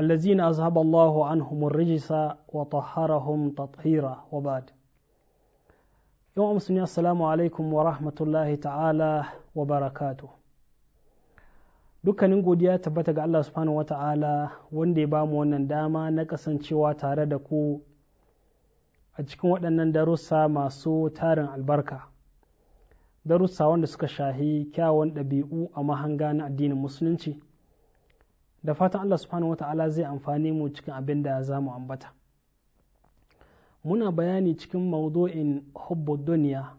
الذين أذهب الله عنهم الرجس وطهرهم تطهيرا وبعد يوم مسلمين السلام عليكم ورحمة الله تعالى وبركاته dukkanin godiya tabbata ga Allah subhanahu wata'ala wanda ya bamu wannan dama na kasancewa tare da ku a cikin waɗannan darussa masu tarin albarka darussa wanda suka shahi kyawun ɗabi'u a mahanga na addinin musulunci da fatan Allah subhanahu wa ta'ala zai amfani mu cikin abin da za mu ambata muna bayani cikin maudu'in hubbu duniya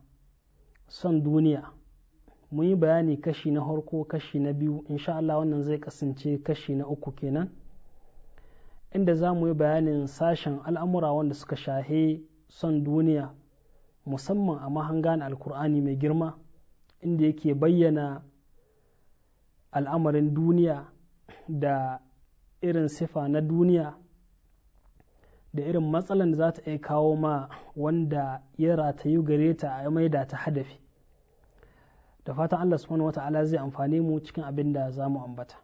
son duniya mun yi bayani kashi na harko kashi na biyu insha Allah wannan zai kasance kashi na uku kenan inda za mu yi bayanin sashen al'amura wanda suka shahe son duniya musamman a mahangan alkur'ani mai girma inda yake bayyana al'amarin duniya da irin sifa na duniya da irin matsalan da za ta iya kawo ma wanda ya ratayu gare ta a maida ta hadafi da fatan Allah subhanahu wata'ala zai amfani mu cikin abin da za mu ambata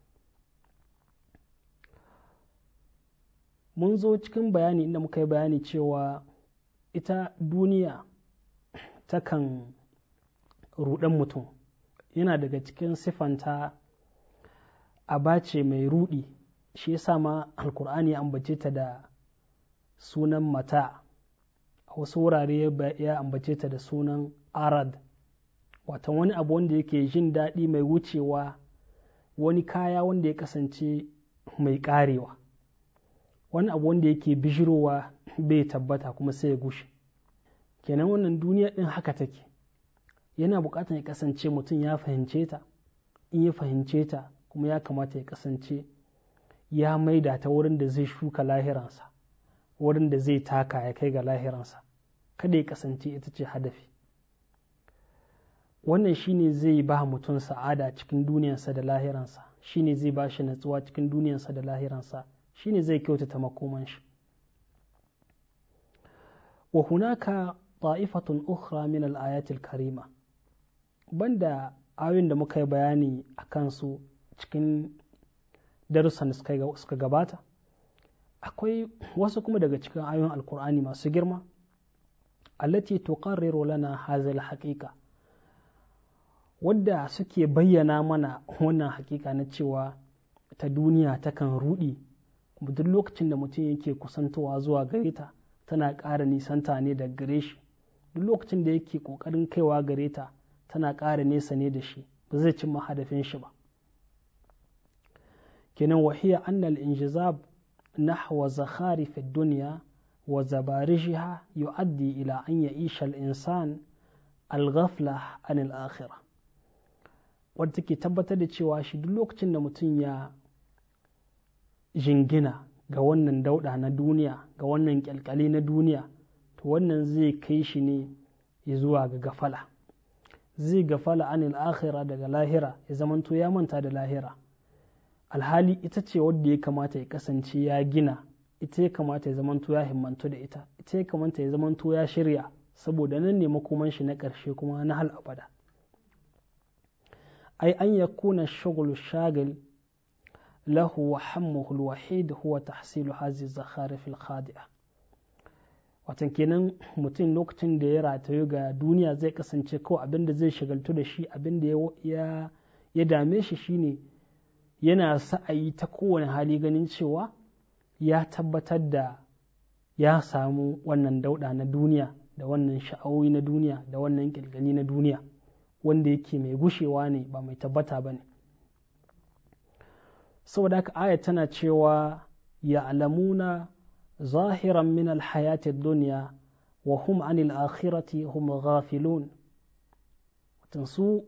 mun zo cikin bayani inda muka yi bayani cewa ita duniya takan ruɗan mutum yana daga cikin siffanta aba ce mai rudi shi ya sa ma alkur'ani ya ambace ta da sunan mata a wasu wurare ya ambace ta da sunan arad watan wani abu wanda yake jin daɗi mai wucewa wani kaya wanda ya kasance mai ƙarewa wani abu wanda yake bijirowa bai tabbata kuma sai ya gushe kenan wannan duniya ɗin haka take yana buƙatar ya kasance mutum ya fahimce ta in ya fahimce ta kuma ya kamata ya kasance ya maida ta wurin da zai shuka lahiransa wurin da zai taka ya kai ga lahiransa kada ya kasance ita ce hadafi wannan shine zai ba mutum sa'ada cikin duniyarsa da lahiransa shine zai ba shi natsuwa cikin duniyarsa da lahiransa shine zai kyautata makoman shi wa hunaka ta'ifatun ukhra min al-ayatil karima banda ayoyin da muka yi bayani a kansu cikin darussan da suka gabata akwai wasu kuma daga cikin ayoyin alkur'ani masu girma allati tuqarriru lana hazal haqiqa wadda suke bayyana mana wannan haƙiƙa na cewa ta duniya takan rudi duk lokacin da mutum yake kusantowa zuwa gare ta tana ƙara nisanta ne da gare shi duk lokacin da yake ƙoƙarin kaiwa gare ta tana ƙara nesa ne da shi ba zai cimma hadafin shi ba kenan wahiya annal injizab nahwa zakhari fi dunya wa zabarijiha yu'addi ila an ya'isha al-insan al-ghafla an al wadda take tabbatar da cewa shi duk lokacin da mutum ya jingina ga wannan dauda na duniya ga wannan kyalkyali na duniya to wannan zai kai shi ne zuwa ga gafala zai gafala anil akhira daga lahira ya zamanto ya manta da lahira alhali ita ce wadda ya kamata ya kasance ya gina ita ya kamata ya zamanto ya himmantu da ita ita ya kamata ya zamanto ya shirya saboda nan ne makoman shi na ƙarshe kuma na hal abada ai an ya kuna shagul shagil lahu wa hammuhu alwahid huwa tahsilu hazi zakhari fil khadi'a watan kenan mutum lokacin da ya ratayu ga duniya zai kasance kawai abinda zai shagaltu da shi abinda ya ya dame shi shine yana sa a yi ta kowane hali ganin cewa ya tabbatar da ya samu wannan dauɗa na duniya da wannan sha'awoyi na duniya da wannan ƙirgani na duniya wanda yake mai gushewa ne ba mai tabbata ba ne saboda haka aya tana cewa ya alamuna zahiran min alhayatid duniya wa hum anil akhirati hum ghafilun su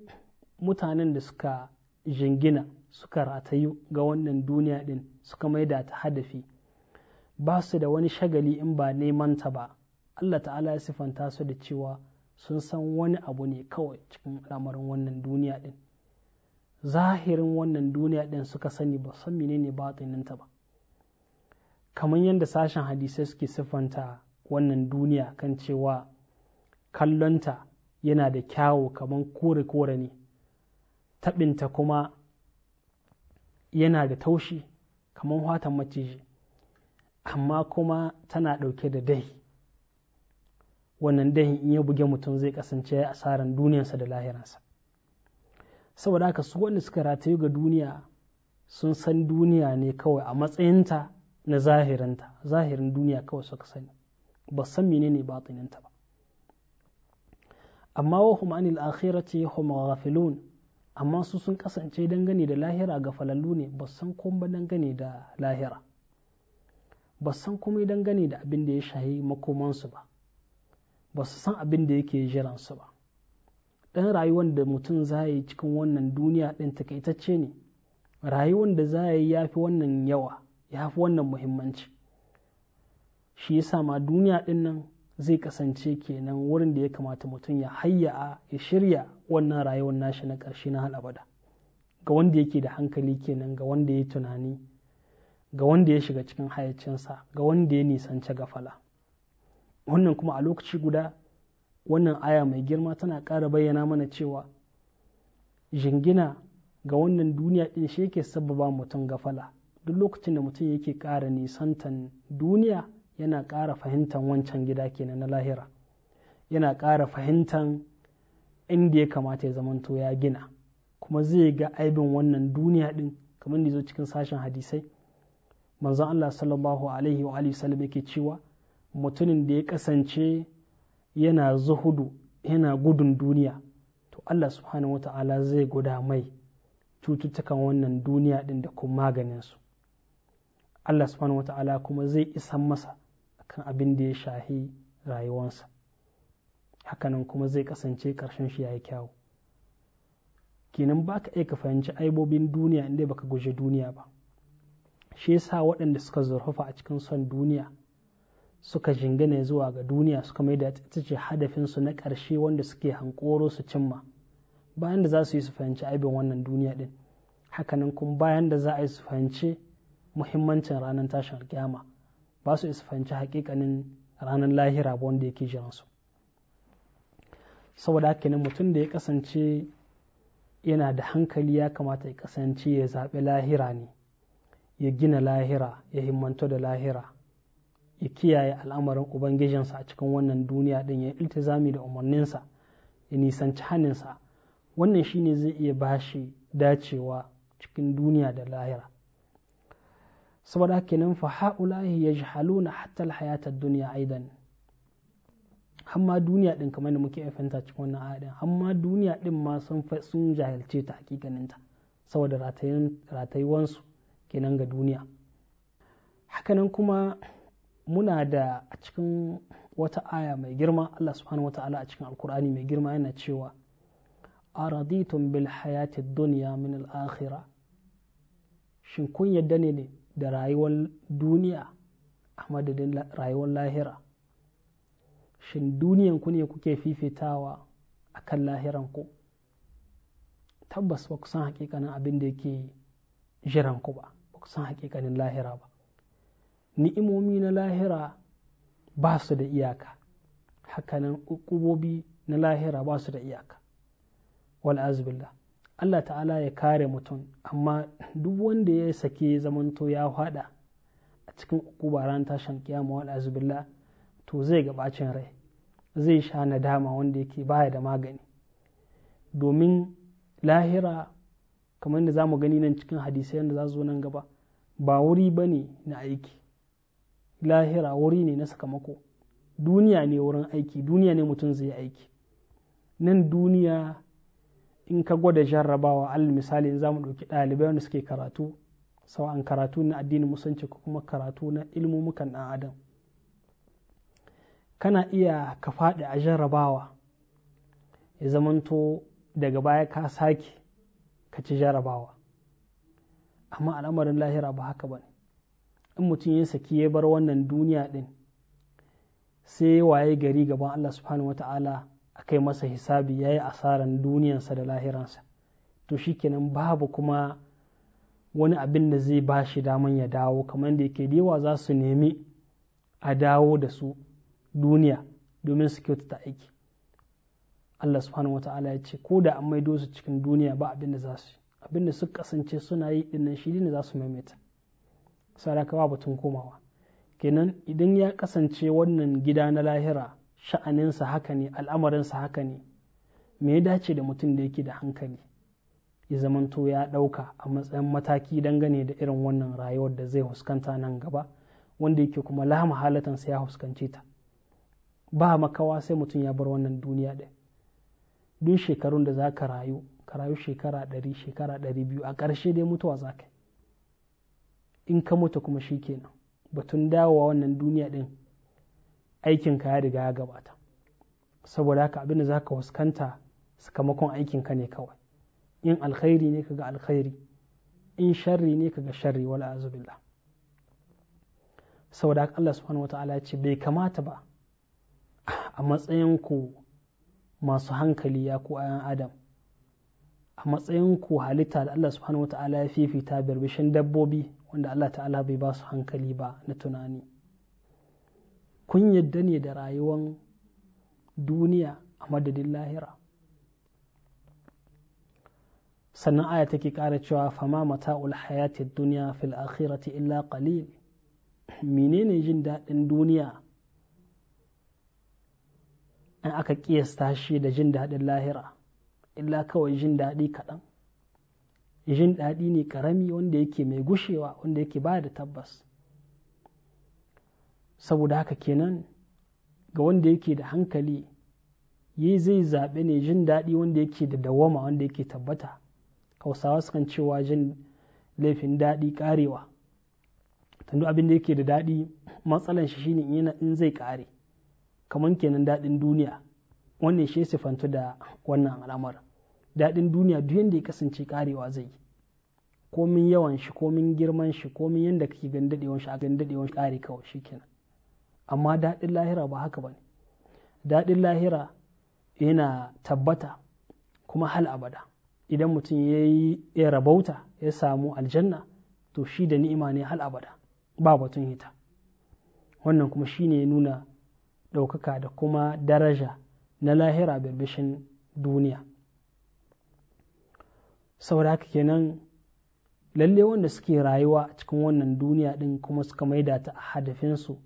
mutanen da suka jingina suka ratayu ga wannan duniya ɗin suka maida ta hadafi ba su da wani shagali in ba neman ta ba Allah ta'ala ya sifanta su da cewa sun san wani abu ne kawai cikin al'amarin wannan duniya din. zahirin wannan duniya ɗin suka sani ba san menene ta ba kamar yadda sashen hadisai suke sifanta wannan duniya kan cewa kallonta yana da kyawu kamar kore-kore ne taɓinta kuma yana da taushi kamar watan maciji amma kuma tana ɗauke da dahi wannan dahin in ya buge mutum zai kasance ya asaran duniyarsa da lahiransa saboda haka su wanda suka ratayu ga duniya sun san duniya ne kawai a matsayinta na zahirinta zahirin duniya kawai suka sani ba san menene ne ba amma wahum anil akhirati hum ghafilun amma su sun kasance dangane da lahira ga falallu ne ba san kuma dangane da lahira ba san kuma dangane da abin da ya shahi makomansu ba ba su san abin da yake jiransu ba ɗan rayuwar da mutum za yi cikin wannan duniya ɗin takaitacce ne rayuwar da za yi ya fi wannan yawa ya fi wannan muhimmanci shi yasa ma duniya ɗin nan zai kasance kenan wurin da ya kamata mutum ya hayya ya shirya wannan rayuwar nashi na ƙarshe na halabada ga wanda yake da hankali kenan ga wanda ya tunani ga wanda ya shiga cikin hayacinsa ga wanda ya nisanci gafala wannan kuma a lokaci guda wannan aya mai girma tana ƙara bayyana mana cewa jingina ga wannan duniya ɗin shi yake sababa mutum gafala duk lokacin da mutum yake ƙara nisantan duniya yana ƙara fahimtan wancan gida kenan na lahira yana ƙara fahimtan inda ya kamata ya zamanto ya gina kuma zai ga aibin wannan duniya din kamar da zo cikin sashen hadisai manzon Allah sallallahu alaihi wa alihi sallam yake cewa mutumin da ya kasance yana zuhudu yana gudun duniya to Allah subhanahu Ta'ala zai guda mai cututtukan wannan duniya din da kuma maganinsu. su Allah subhanahu Ta'ala kuma zai isan masa kan abin da ya shahi rayuwansa hakanan kuma zai kasance karshen shi ya yi kyawu kenan ba ka iya ka fahimci aibobin duniya inda baka guje duniya ba shi yasa waɗanda suka zurfafa a cikin son duniya suka jingane zuwa ga duniya suka mai da ita ce hadafinsu na ƙarshe wanda suke hankoro su cimma bayan da za su yi su fahimci aibin wannan duniya ɗin hakanan kuma bayan da za a yi su fahimci muhimmancin ranar tashin alkiyama ba su isa fahimci hakikanin ranar lahira ba wanda yake jiransu saboda haka ne mutum da ya kasance yana da hankali ya kamata ya kasance ya zaɓi lahira ne ya gina lahira ya himmanto da lahira ya kiyaye al'amarin ubangijinsa a cikin wannan duniya din ya iltizami da umarninsa ya nisanci hannunsa wannan shine zai iya bashi dacewa cikin duniya da lahira saboda kenan fa ha'ulahi yajhaluna hatta alhayata ad-dunya aidan amma duniya din kamar da muke fahimta cikin wannan aya amma duniya din ma sun sun jahilce ta hakikaninta saboda ratayuwansu kenan ga duniya hakanan kuma muna da a cikin wata aya mai girma Allah subhanahu wata'ala a cikin alkur'ani mai girma yana cewa araditun bil hayati duniya min al-akhirah shin kun yadda ne ne da rayuwar duniya a madadin rayuwar lahira shin duniyan ku ne kuke fifitawa a kan lahiran ku tabbas ba ku san hakikanin abin da yake jiran ku ba ba ku san hakikanin lahira ba ni'imomi na lahira ba su da iyaka hakanan ƙubobi na lahira ba su da iyaka wal azbillah Allah ta'ala ya kare mutum amma duk wanda ya sake zamanto ya haɗa a cikin ukuba ran tashan kiyama wal azubillah to zai ga bacin rai zai sha nadama wanda yake baya da magani domin lahira kamar da za mu gani nan cikin hadisai yadda za zo nan gaba ba wuri ba ne na aiki lahira wuri ne na sakamako duniya ne wurin aiki duniya ne mutum zai yi aiki nan duniya in ka gwada jarrabawa al misali in zamu ɗauki ɗalibai wanda suke karatu an karatu na addinin musulunci ko kuma karatu na ilmumukan ɗan adam kana iya ka faɗi a jarrabawa ya zamanto daga baya ka sake ka ci jarrabawa amma al'amarin lahira ba haka ba ne in mutum ya saki ya bar wannan duniya ɗin sai waye gari gaban Allah subhanahu wata'ala A kai masa hisabi ya yi asaran duniyansa da lahiransa to shikenan babu kuma wani abin da zai ba shi daman ya dawo kamar da yake yawa za su nemi a dawo da su duniya domin su kyautata aiki Allah subhanahu wata'ala ya ce ko da an maido su cikin duniya ba abin da za su abin da su kasance suna yi dinnan shi ne za su maimaita sadaka ba batun komawa kenan idan ya kasance wannan gida na lahira sha'aninsa haka ne al'amarinsa haka ne me ya dace da mutum da yake da hankali ya zamanto ya ɗauka a matsayin mataki dangane da irin wannan rayuwar da zai huskanta nan gaba wanda yake kuma lama halatansa ya huskance ta ba makawa sai mutum ya bar wannan duniya ɗin duk shekarun da za ka rayu ka rayu shekara ɗari shekara ɗari biyu a ƙarshe dai mutuwa za ka in ka mutu kuma shi kenan batun dawowa wannan duniya ɗin aikin ka ya riga ya gabata saboda haka abin da za ka fuskanta sakamakon ka ne kawai in alkhairi ne kaga alkhairi in sharri ne kaga sharri wala azubillah saboda haka Allah subhanahu wataala ce bai kamata ba a matsayin ku masu hankali ya ku ayan adam a matsayin ku halitta da Allah subhanahu wataala ya fifita birbishin dabbobi wanda Allah ta'ala bai ba su hankali ba na tunani kun yadda ne da rayuwan duniya a madadin lahira sannan aya take ƙara cewa fama mata'ul hayatid duniya fil akhirati illa qalil menene jin daɗin duniya in aka kiyasta shi da jin daɗin lahira illa kawai jin daɗi kaɗan jin daɗi ne ƙarami wanda yake mai gushewa wanda yake ba da tabbas saboda haka kenan ga wanda yake da hankali yi zai zaɓe ne jin daɗi wanda yake da dawama wanda yake tabbata hausawa sukan cewa jin laifin daɗi ƙarewa tando abin da yake da daɗi matsalan shi shine in zai ƙare kamar kenan daɗin duniya wannan shi sifantu da wannan al'amar daɗin duniya duk yadda ya kasance ƙarewa zai yi komin yawan shi komin girman shi komin yadda kake gandaɗewan shi a gandaɗewan shi ƙare kawai shi kenan. amma daɗin lahira ba haka ba ne daɗin lahira yana tabbata kuma hal abada idan mutum ya yi rabauta ya samu aljanna to shi da ni'ima ne hal abada ba batun hita wannan kuma shi ne nuna ɗaukaka da kuma daraja na lahira birbishin duniya saboda haka kenan lalle wanda suke rayuwa cikin wannan duniya ɗin kuma suka maida ta a hadafinsu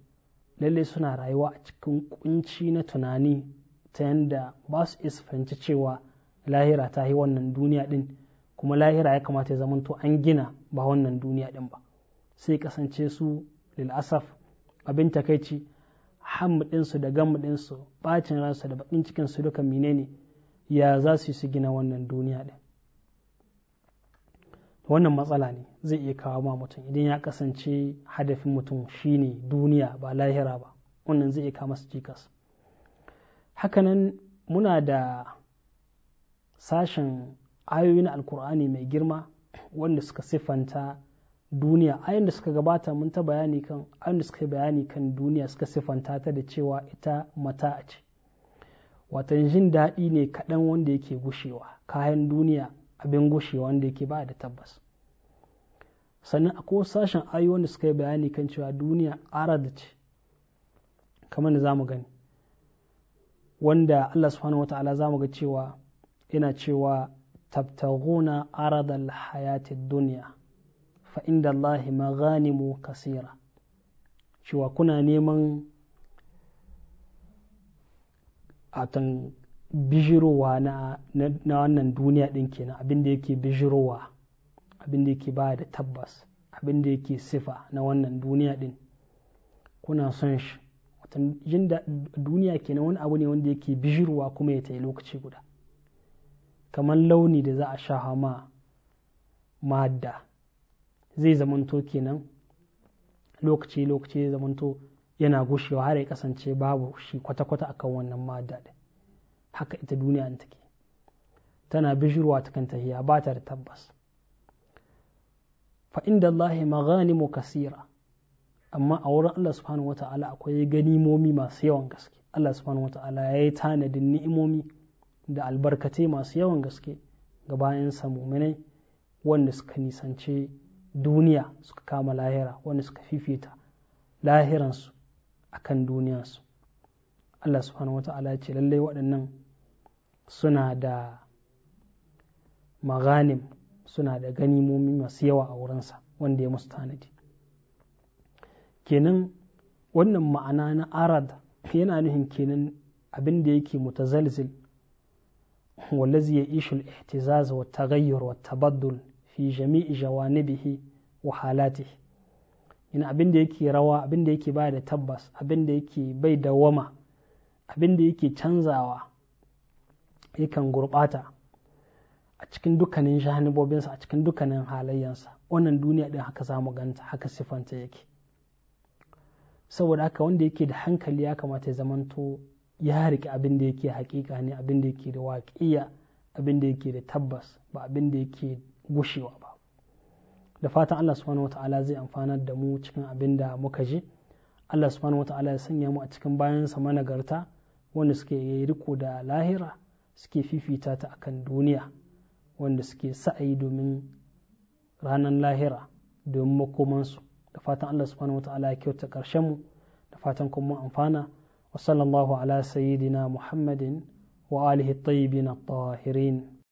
Lallai suna rayuwa a cikin kunci na tunani ta yadda ba su isa fahimci cewa lahira ta yi wannan duniya din kuma lahira ya kamata ya zamanto an gina ba wannan duniya din ba sai kasance su lil'asaf abin takaici ɗinsu da gamdinsu bacin ransu da bakin cikinsu duka menene ya za su yi su gina wannan duniya din wannan matsala ne zai iya kawo ma mutum idan ya kasance hadafin mutum shine duniya ba lahira ba wannan zai iya kawo masa cikas hakanan muna da sashen ayoyin alkur'ani mai girma wanda suka siffanta duniya ayoyin da suka gabata mun ta bayani kan ayoyin da suka bayani kan duniya suka siffanta ta da cewa ita mata ce watan jin daɗi ne kaɗan wanda yake gushewa kayan duniya abin gushewa wanda yake ba da tabbas sannan akwai sashen ayi wanda suka yi bayani kan cewa duniya arad ce kamar da zamu gani wanda Allah subhanahu wata'ala zamu ga cewa yana cewa tabtaguna ara aradal hayati duniya fa inda Allahi maghanimu kasira cewa kuna neman atan bijirowa na wannan duniya ɗin kenan abin da yake bijirowa abin da yake baya da tabbas abin da yake sifa na wannan duniya ɗin kuna son shi watan jin da duniya kenan wani abu ne wanda yake bijirwa kuma ya ta'i lokaci guda kamar launi da za a sha hama madda zai zamanto kenan lokaci lokaci zai zamanto yana gushewa har ya kasance babu shi kwata-kwata akan wannan madda haka ita duniya take tana bijirwa ta kanta tahiya ba ta da tabbas fa inda Allah maganimu kasira amma a wurin Allah subhanahu wata'ala akwai ganimomi masu yawan gaske Allah subhanahu wata'ala ya yi tanadin ni'imomi da albarkatai masu yawan gaske ga bayan muminai wanda suka nisance duniya suka kama lahira wanda suka fifita lahiransu akan duniyansu Allah subhanahu wata'ala ya ce lallai waɗannan suna da maganim suna da ganimomi masu yawa a wurinsa wanda ya musu tanadi kenan wannan ma'ana na arad yana nuhin kenan abin da yake mutazalzil wallazi ya ishu al-ihtizaz wa taghayyur wa tabaddul fi jami'i jawanibihi wa halatihi yana abin da yake rawa abin da yake bada da tabbas abin da yake bai dawama abin da yake canzawa yakan gurɓata a cikin dukkanin shahanibobinsa a cikin dukkanin halayyansa wannan duniya ɗin haka zamu ganta haka siffanta yake saboda haka wanda yake da hankali ya kamata ya zamanto ya riƙe abin da yake haƙiƙa ne abin da yake da waƙiya abin da yake da tabbas ba abin da yake gushewa ba da fatan Allah subhanahu wa ta'ala zai amfana da mu cikin abin da muka ji Allah subhanahu wa ta'ala ya sanya mu a cikin bayansa managarta wanda suke riko da lahira suke fifita ta akan duniya wanda suke sa'ayi domin ranar lahira domin makomansu da fatan Allah subhanahu wa ta'ala ya kyauta karshen mu da fatan kuma amfana wa sallallahu ala sayyidina muhammadin wa alihi tayyibin at-tahirin